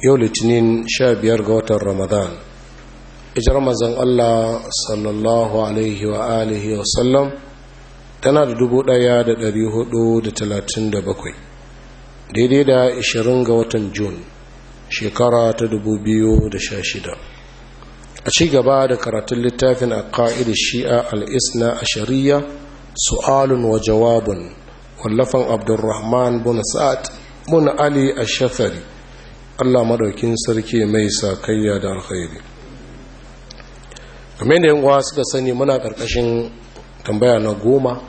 yau litinin sha biyar ga watan ramadan ijar mazan allah sallallahu alaihi wa alihi wa sallam tana da dubu daya da dari hudu da talatin da bakwai daidai da ishirin ga watan jun shekara ta dubu biyu da sha shida a ci gaba da karatun littafin a ka'ida shi'a al'isna a shari'a su'alun wa jawabun wallafan abdulrahman bin sa'ad bin ali Ashafari. Allah madaukin sarki mai sakayya da alkhairi kamar da uwa suka sani muna ƙarƙashin tambaya na goma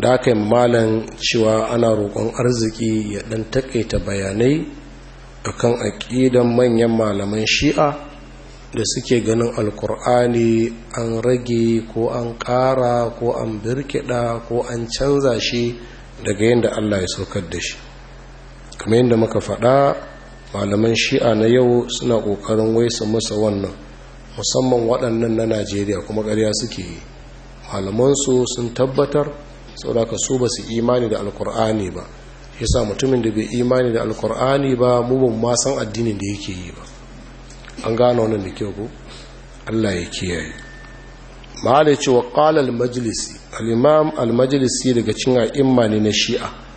da aka yi malan cewa ana roƙon arziki ya ɗan taƙaita bayanai akan aƙidan manyan malaman shi'a da suke ganin alkur'ani an rage ko an ƙara ko an birkiɗa ko an canza shi daga yadda Allah ya saukar da shi kamar yadda muka faɗa malaman shi'a na yau suna ƙoƙarin waisa masa wannan musamman waɗannan na najeriya kuma ƙarya suke yi malamansu sun tabbatar saboda su ba su imani da alkur'ani ba yasa mutumin da bai imani da alkur'ani ba mu ban ma addinin da yake yi ba an gano wannan da kyau ko Allah ya kiyaye ma'ala ce wa qala al-majlisi al majalisi daga cin a'imma ne na shi'a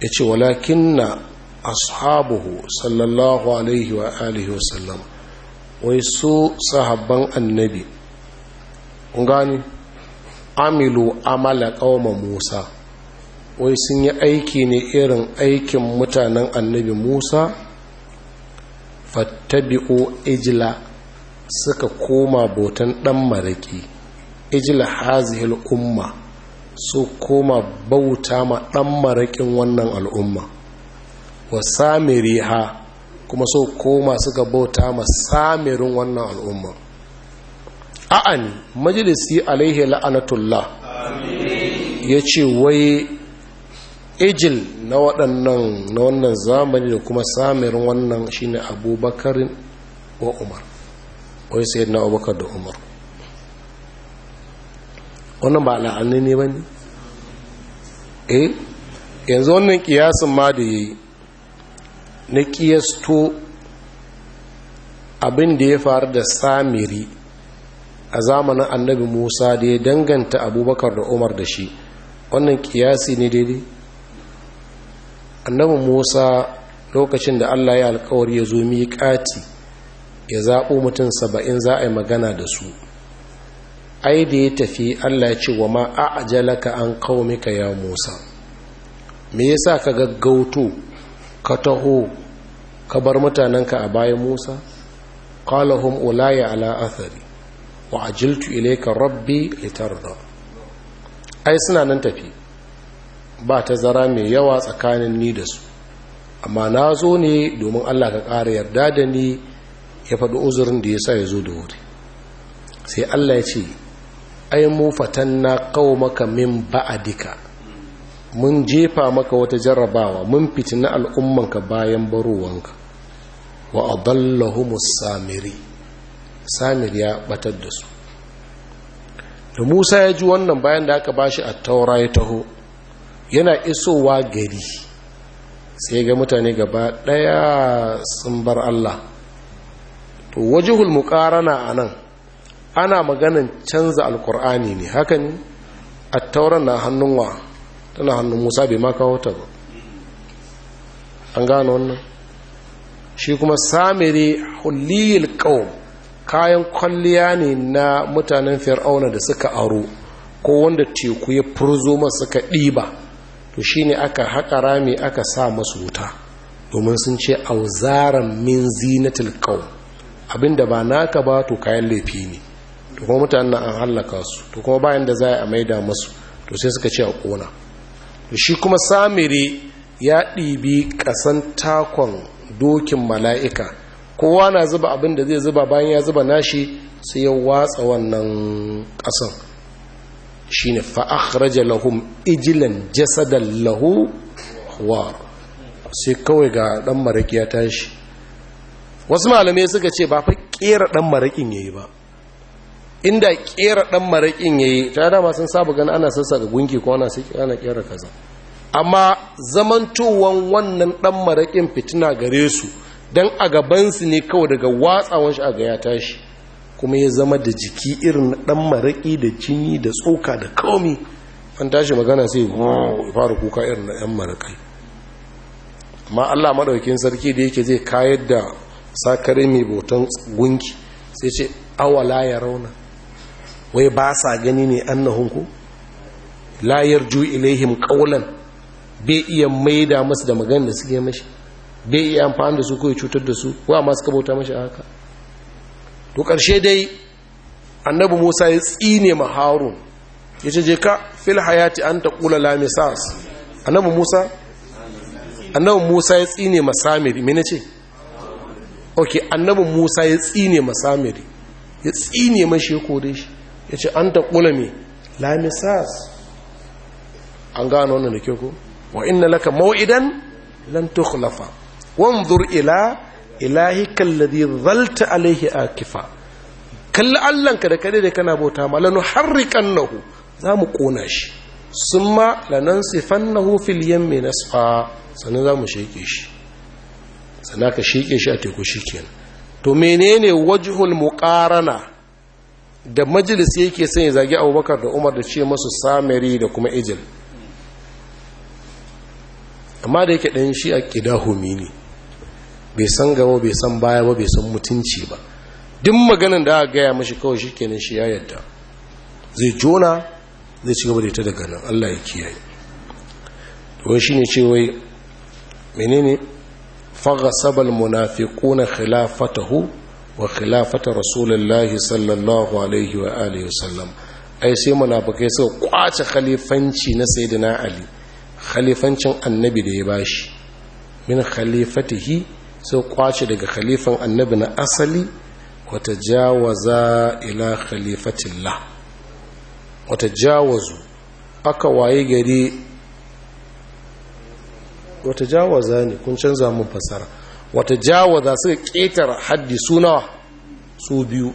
ya ce walakin na ashabuhu sallallahu alaihi wa alihi wasallam wai su sahabban annabi gani amilu amala kawama musa wai sun yi aiki ne irin aikin mutanen annabi musa fattabi'u ijila suka koma botan dan maraki ijila hazihil umma su koma bauta ma ɗan marakin wannan al'umma wa samiri ha kuma su koma suka bauta ma samirin wannan al'umma a'ani majalisi alaihi la'anatullah ya ce wai ijil na waɗannan na wannan zamani da kuma samirin wannan shine abubakar wa umar wai sai na abubakar da umar wannan ba la'anne ne ba ne eh yanzu wannan kiyasin ma da ya yi na kiyasto abin da ya faru da samiri a zamanin annabi musa da ya danganta abubakar da umar da shi wannan kiyasi ne daidai annabi musa lokacin da allah ya alkawar ya zo miƙati ya zaɓo mutum saba'in za a yi magana da su ai da ya tafi Allah ya ce wa ma a'jalaka an qaumika ya Musa me yasa ka gaggauto ka taho ka bar mutanenka a bayan Musa qala ulaya ala athari wa ajiltu ilayka rabbi litarda ai suna nan tafi ba ta zara mai yawa tsakanin ni da su amma na zo ne domin Allah ka ƙara yarda da ni ya faɗi uzurin da ya sa ya zo da wuri sai Allah ya ce ai mu fatanna qaumaka min ba'dika mun jefa maka wata jarrabawa mun fitina al'ummanka bayan barowanka wa adallahumus samiri samir ya batar da su da Musa ya ji wannan bayan da aka bashi a taura ya taho yana isowa gari sai ga mutane gaba daya sun bar Allah to wajihul muqarana anan ana maganan canza alkur'ani ne hakan a tauran na hannun wa tana hannun musa bai maka wata ba an gano wannan shi kuma samiri huliyil kawo kayan kwalliya ne na mutanen fir'auna da suka aro ko wanda teku ya furzo masu ka ɗiba to shi ne aka haƙa rami aka sa masu wuta domin sun ce auzaran min zinatil kawo abinda ba naka ba to kayan laifi ne to kuma mutanen an hallaka su to kuma bayan da za a maida masu to sai suka ce a kona shi kuma samiri ya ɗibi ƙasan takon dokin mala'ika kowa na zuba abin da zai zuba bayan ya zuba nashi sai ya watsa wannan ƙasan shi ne fa'akharaja lahum ijilan jasadan lahu wa sai kawai ga ɗan maraƙi ya tashi wasu malamai suka ce ba fa ƙera ɗan maraƙin ya yi ba inda kera dan marakin yayi ta dama sun saba gani ana sassaka gunki ko ana sai ana kera kaza amma zamantowan wannan dan marakin fitina gare su dan a gaban su ne kawai daga watsawan shi a ga ya tashi kuma ya zama da jiki irin dan maraki da jini da tsoka da komi an tashi magana sai ya fara kuka irin na yan marakai amma Allah madaukakin sarki da yake zai kayar da sakare mai boton gunki sai ce awala ya rauna wai ba sa gani ne annahun ku layar ju ilaihim kawulan. bai iya maida masu da magana da suke mashi bai iya amfani da su ko cutar da su wa ma suka bauta mashi haka to karshe dai annabi Musa ya tsine ma Harun yace je ka fil hayati an qula la misas annabi Musa annabi Musa ya tsine ma Samiri me nace Ok annabi Musa ya tsine ma Samiri ya tsine mashi ya kore shi ya ce an taƙula mi lamisas an gano wannan da ke ku wa inna laka ma'idan lan tukhlafa wanzur ila ilahi kalladhi zalta alaihi akifa kalli allanka da kade da kana bauta ma lanu nahu. za mu kona shi summa nahu fil yammi nasfa sannan za mu sheke shi sannan ka sheke shi a teku shikenan to menene wajhul muqarana da majalis yake son ya zagi abubakar da umar da ce masu samari da kuma ijil amma da yake ɗan shi a ƙidahumi ne bai san gaba bai san baya ba bai san mutunci ba duk maganin da aka gaya mashi kawai shi kenan shi ya yadda zai jona zai ci gaba da ita daga nan allah ya kiyaye wani shi ne ce wai menene fagasabal munafiquna khilafatahu wa khilafata rasulullahi sallallahu alaihi ai sai munafikai suka kwace khalifanci na saida na ali khalifancin annabi da ya bashi min khalifatihi sai kwace daga khalifan annabi na asali wata jawaza ila khalifatillah wata jawazu aka jawaza ne kun canza mun fasara wata jawaza suka ƙetar haddi suna su biyu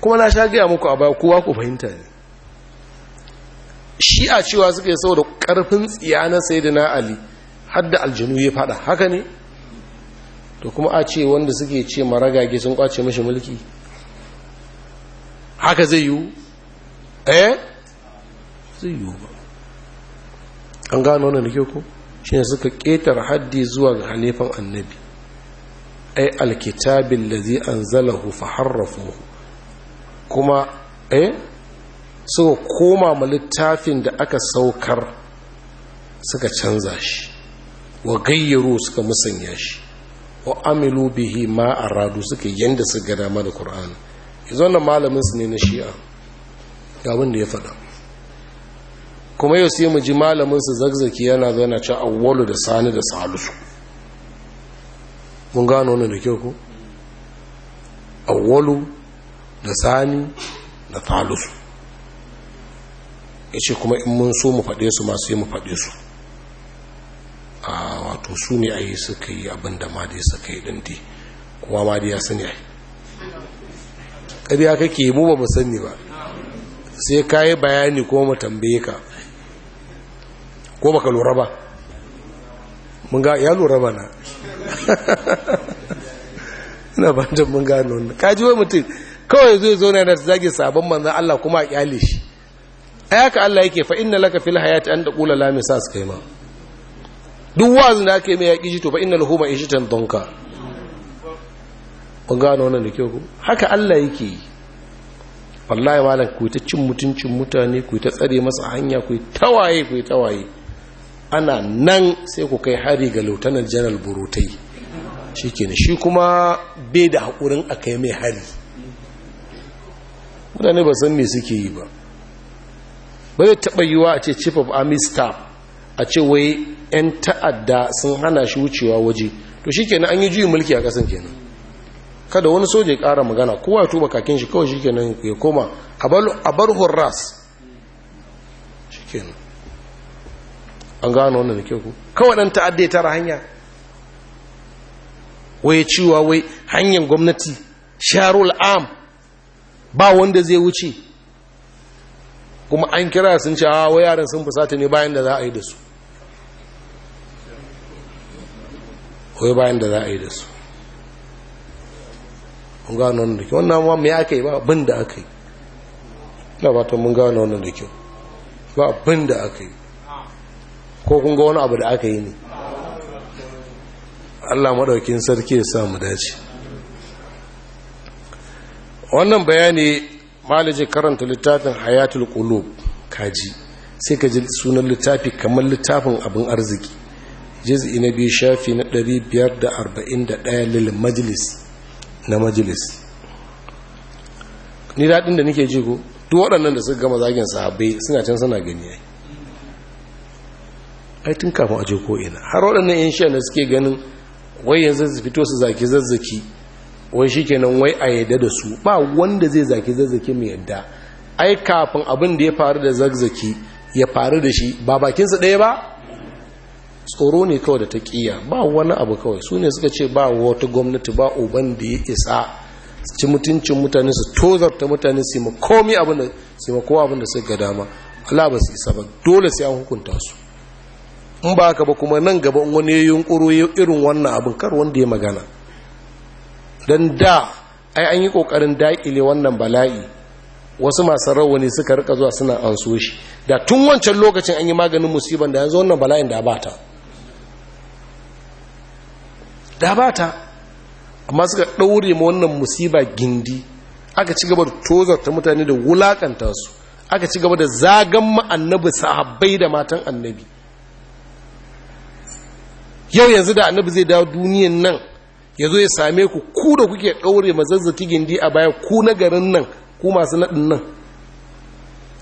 kuma na sha gaya muku a baya kowa ku fahimta ne shi a cewa suka yi da ƙarfin tsiya na da ali hadda aljanu ya faɗa haka ne to kuma a ce wanda suke ce maragage sun kwace mashi mulki haka zai yiwu eh zai yiwu ba an gano wannan da kyau ko shi ne suka ƙetar haddi zuwa ga halifan annabi ai alkitabin lazi an zalahu faharrafu kuma ai suka koma ma littafin da aka saukar suka canza shi wa gayyaro suka musanya shi wa amilu bihi ma aradu suka yanda su gada dama da qur'ani yanzu wannan malamin su ne na shi'a ga wanda ya faɗa kuma yau sai mu ji malamin su zagzaki yana zana cewa awwalu da sani da salisu mun gano ne da kyau ko awwalu da sani da ya ce kuma in mun so mu faɗe su masu yi mu faɗe su a wato su ne a yi suka yi abin da ma dai suka yi ɗanti kuma ma dai ya sani a yi ƙarya kake mu ba mu sani ba sai ka yi bayani ko mu tambaye ka ko baka lura ba mun ga ya lura ba na na ba da mun gano wannan kaji wai mutum kawai zai zo na zage sabon manzan Allah kuma a kyale shi ai haka Allah yake fa inna laka fil hayati an taqula la misas kaima duk wazin da aka yi mai yaƙi shi to fa inna lahu ma'ishatan donka kun gano wannan da kyau ku haka Allah yake yi wallahi malam ku ta cin mutuncin mutane ku ta tsare masa hanya ku ta waye ku ta waye ana nan sai ku kai hari ga lautanar janar burutai shi kenan shi kuma bai da haƙurin a kai mai hari mutane ba san me suke yi ba ba zai taɓa yiwa a ce chief of army staff a ce wai 'yan ta'adda sun hana shi wucewa waje to shi kenan an yi juyin mulki a ƙasan kenan kada wani soja ya ƙara magana kowa ya tuba kakin shi kawai shi kenan ya koma a bar horas shi kenan an gano wannan da kyau ku kawai ɗan ta'adda ya tara hanya waye cewa wai hanyar gwamnati sharul am ba wanda zai wuce kuma an kira sun ce a ah, wai yaran sun fusata ne bayan da za a yi da su wai bayan da za a yi da su mun gano wannan da kyau wannan ma mai aka yi ba abin da aka yi na ba ta mun gano wannan da kyau ba abin da aka yi ko kun ga wani abu da aka yi ne Allah maɗaukin sarki ya samu dace wannan bayani malaji karanta littafin hayatul qulub kaji sai ka ji sunan littafi kamar littafin abin arziki juz'i na biyu shafi na 541 lil majlis na majlis ni daɗin da nake ji ko duk waɗannan da suka gama zagin sahabbai suna can suna gani ai ai tun kafin aje ko ina har waɗannan yan shi'a da suke ganin wai yanzu su fito su zaki zazzaki wai shi kenan wai a yadda da su ba wanda zai zaki zazzaki mai yadda ai kafin abin da ya faru da zazzaki ya faru da shi ba bakinsa ɗaya ba tsoro ne kawai da ta ƙiya ba wani abu kawai su ne suka ce ba wata gwamnati ba uban da ya isa ci mutuncin mutane su tozarta mutane su yi ma komi abin da su yi ma kowa abin da suka ga dama Allah ba su isa ba dole sai an hukunta su in ba ka ba kuma nan gaba wani ya yunkuro irin wannan abin kar wanda ya magana don da ai an yi kokarin daƙile wannan bala'i wasu masu rawani suka rika zuwa suna an so shi da tun wancan lokacin an yi maganin musiban da yanzu wannan bala'in da ba ta da ba amma suka ɗaure ma wannan musiba gindi aka ci gaba da tozarta mutane da wulakanta su aka ci gaba da zagan ma'annabi sahabbai da matan annabi yau yanzu da annabi zai dawo duniyan nan ya zo ya same ku ku da kuke ɗaure mazazzati gindi a baya ku na garin nan ku masu naɗin nan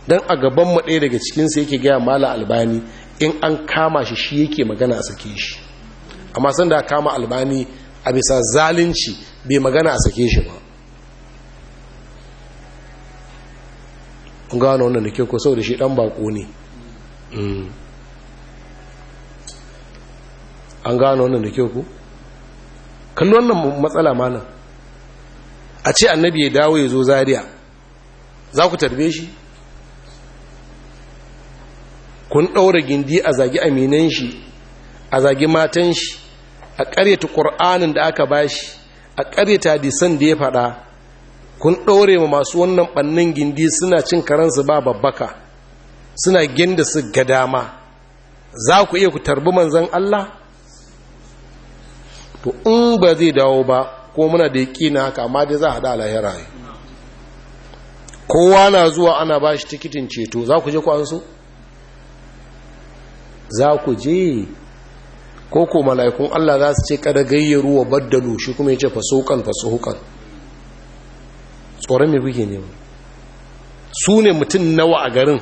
don a gaban mu ɗaya daga cikinsa yake gaya mala albani in an kama shi shi yake magana a sake shi amma san da kama albani a bisa zalunci bai magana a sake shi ba gano wannan da ke ko sau da shi dan bako ne hmm. an gano wannan da kyau ku kallo wannan matsala malam a ce annabi ya dawo ya zo Zariya, za ku tarbe shi kun ɗaura gindi a zagi aminan shi a zagi matan shi a ƙaryata ƙur'anin da aka ba shi, a ƙaryata hadisan da ya faɗa kun ɗaure ma masu wannan ɓannin gindi suna cin karansu ba babbaka suna ginda su ga dama za ku iya ku tarbi manzan Allah to in ba zai dawo ba ko muna da na haka amma dai za a haɗa lahira ne kowa na zuwa ana ba shi tikitin ceto za ku je ku an so za ku je ko ko mala'ikun Allah za su ce kada gayyaru wa baddalu shi kuma ya ce fasokan fasohukan tsoron mai buge ne su ne mutum nawa a garin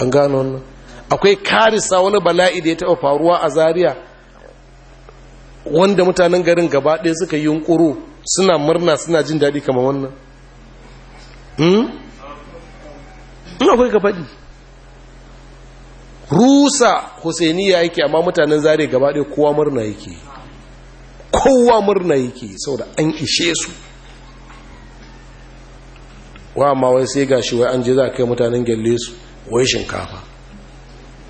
an gano wannan akwai karisa wani bala'i da ya taɓa faruwa a Zariya, wanda mutanen garin gaba ɗaya suka yi yunkuru suna murna suna jin daɗi kama wannan hmm? ina akwai ka faɗi rusa ya yake amma mutanen Zariya gaba ɗaya kowa murna yake kowa murna yake saboda an ishe su wa ma wai sai gashi wai an je za a kai mutanen gyalle su wai shinkafa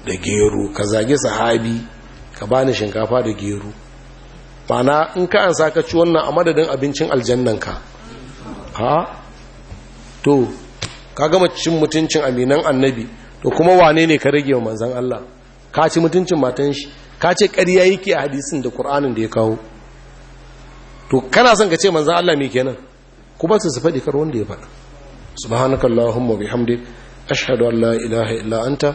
da gero ka zage sahabi ka bani shinkafa da gero Mana in ka an sa ka ci wannan a madadin abincin aljannan ka ha to ka gama cin mutuncin aminan annabi to kuma wane ne ka rage wa manzan Allah ka ci mutuncin matan shi ka ce ƙarya yake a hadisin da Kur'anin da ya kawo to kana son ka ce manzan Allah me kenan ku ba su su faɗi kar wanda ya faɗa subhanakallahumma bihamdik ashhadu an